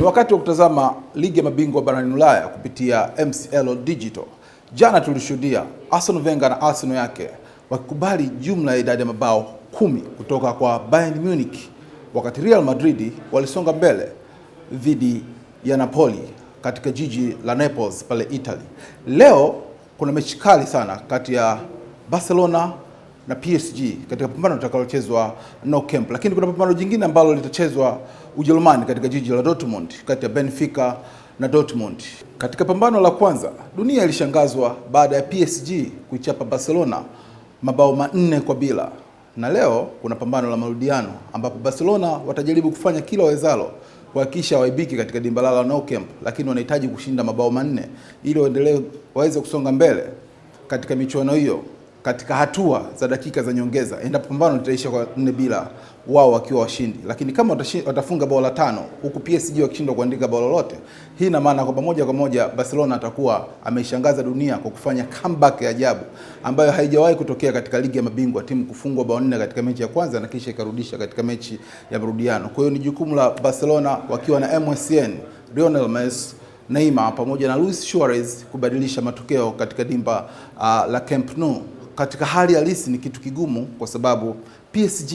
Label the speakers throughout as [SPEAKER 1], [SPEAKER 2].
[SPEAKER 1] Ni wakati wa kutazama ligi ya mabingwa barani Ulaya kupitia MCL Digital. Jana tulishuhudia Arsenal Wenger na Arsenal yake wakikubali jumla ya idadi ya mabao kumi kutoka kwa Bayern Munich, wakati Real Madrid walisonga mbele dhidi ya Napoli katika jiji la Naples pale Italy. Leo kuna mechi kali sana kati ya Barcelona na PSG katika pambano litakalochezwa no camp, lakini kuna pambano jingine ambalo litachezwa Ujerumani katika jiji la Dortmund kati ya Benfica na Dortmund. Katika pambano la kwanza, dunia ilishangazwa baada ya PSG kuichapa Barcelona mabao manne kwa bila, na leo kuna pambano la marudiano ambapo Barcelona watajaribu kufanya kila wawezalo kuhakikisha waibiki katika dimba lao la Nou Camp, lakini wanahitaji kushinda mabao manne ili waendelee waweze kusonga mbele katika michuano hiyo katika hatua za dakika za nyongeza, endapo pambano litaisha kwa nne bila wao wakiwa washindi, lakini kama watafunga bao la tano huku PSG wakishindwa kuandika bao lolote, hii ina maana kwamba moja kwa moja Barcelona atakuwa ameishangaza dunia kwa kufanya comeback ya ajabu ambayo haijawahi kutokea katika ligi ya mabingwa, timu kufungwa bao nne katika mechi ya kwanza na kisha ikarudisha katika mechi ya marudiano. Kwa hiyo ni jukumu la Barcelona wakiwa na MSN, Lionel Messi Neymar pamoja na Luis Suarez kubadilisha matokeo katika dimba uh, la Camp Nou katika hali halisi ni kitu kigumu, kwa sababu PSG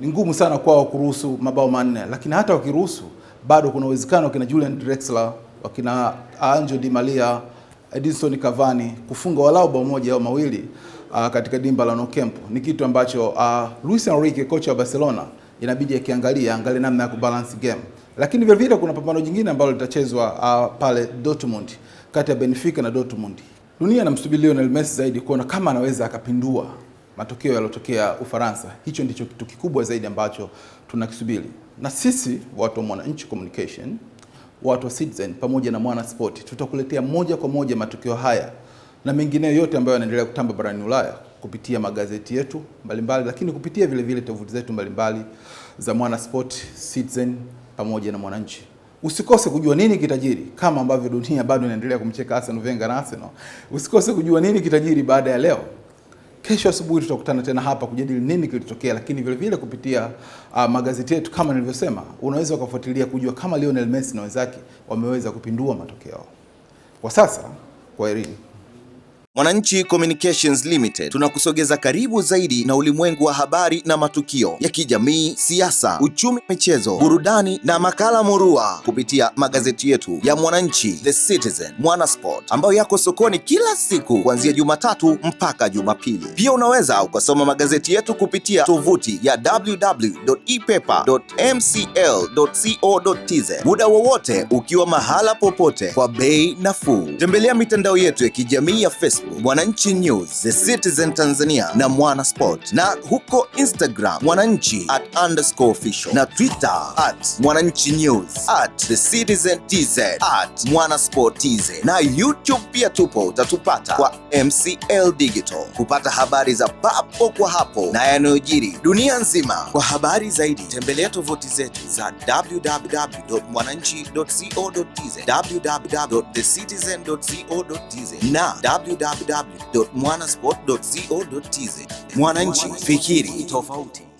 [SPEAKER 1] ni ngumu sana kwao kuruhusu mabao manne, lakini hata wakiruhusu bado kuna uwezekano wakina Julian Drexler, wakina Angel Di Maria, Edinson Cavani kufunga walau bao moja au mawili uh, katika dimba la Nou Camp ni kitu ambacho uh, Luis Enrique kocha wa Barcelona inabidi akiangalia angalie namna ya kubalance game, lakini vile kuna pambano jingine ambalo litachezwa uh, pale Dortmund kati ya Benfica na Dortmund. Dunia namsubiri Lionel Messi zaidi kuona kama anaweza akapindua matokeo yaliyotokea Ufaransa. Hicho ndicho kitu kikubwa zaidi ambacho tunakisubiri, na sisi watu wa Mwananchi Communication, watu wa Citizen pamoja na Mwana Sport tutakuletea moja kwa moja matukio haya na mengineyo yote ambayo yanaendelea kutamba barani Ulaya kupitia magazeti yetu mbalimbali, lakini kupitia vile vile tovuti zetu mbalimbali za Mwana Sport, Citizen pamoja na Mwananchi. Usikose kujua nini kitajiri, kama ambavyo dunia bado inaendelea kumcheka Arsene Wenger na Arsenal. Usikose kujua nini kitajiri baada ya leo. Kesho asubuhi tutakutana tena hapa kujadili nini kilitokea, lakini vile vile kupitia uh, magazeti yetu kama nilivyosema, unaweza ukafuatilia kujua kama Lionel Messi na wenzake wameweza kupindua matokeo. Kwa sasa, kwaherini.
[SPEAKER 2] Mwananchi Communications Limited tunakusogeza karibu zaidi na ulimwengu wa habari na matukio ya kijamii, siasa, uchumi, michezo, burudani na makala murua kupitia magazeti yetu ya Mwananchi, The Citizen, Mwanasport ambayo yako sokoni kila siku kuanzia Jumatatu mpaka Jumapili. Pia unaweza ukasoma magazeti yetu kupitia tovuti ya www.epaper.mcl.co.tz muda wowote ukiwa mahala popote kwa bei nafuu. Tembelea mitandao yetu ya kijamii ya Facebook Mwananchi News, The Citizen Tanzania na Mwana Sport, na huko Instagram mwananchi at underscore official na Twitter at mwananchi news at The Citizen TZ at Mwana Sport TZ na YouTube pia tupo, utatupata kwa MCL Digital kupata habari za papo kwa hapo na yanayojiri dunia nzima. Kwa habari zaidi tembelea tovuti zetu za www.mwananchi.co.tz, www.thecitizen.co.tz na www www.mwanasport.co.tz. Mwananchi, fikiri tofauti.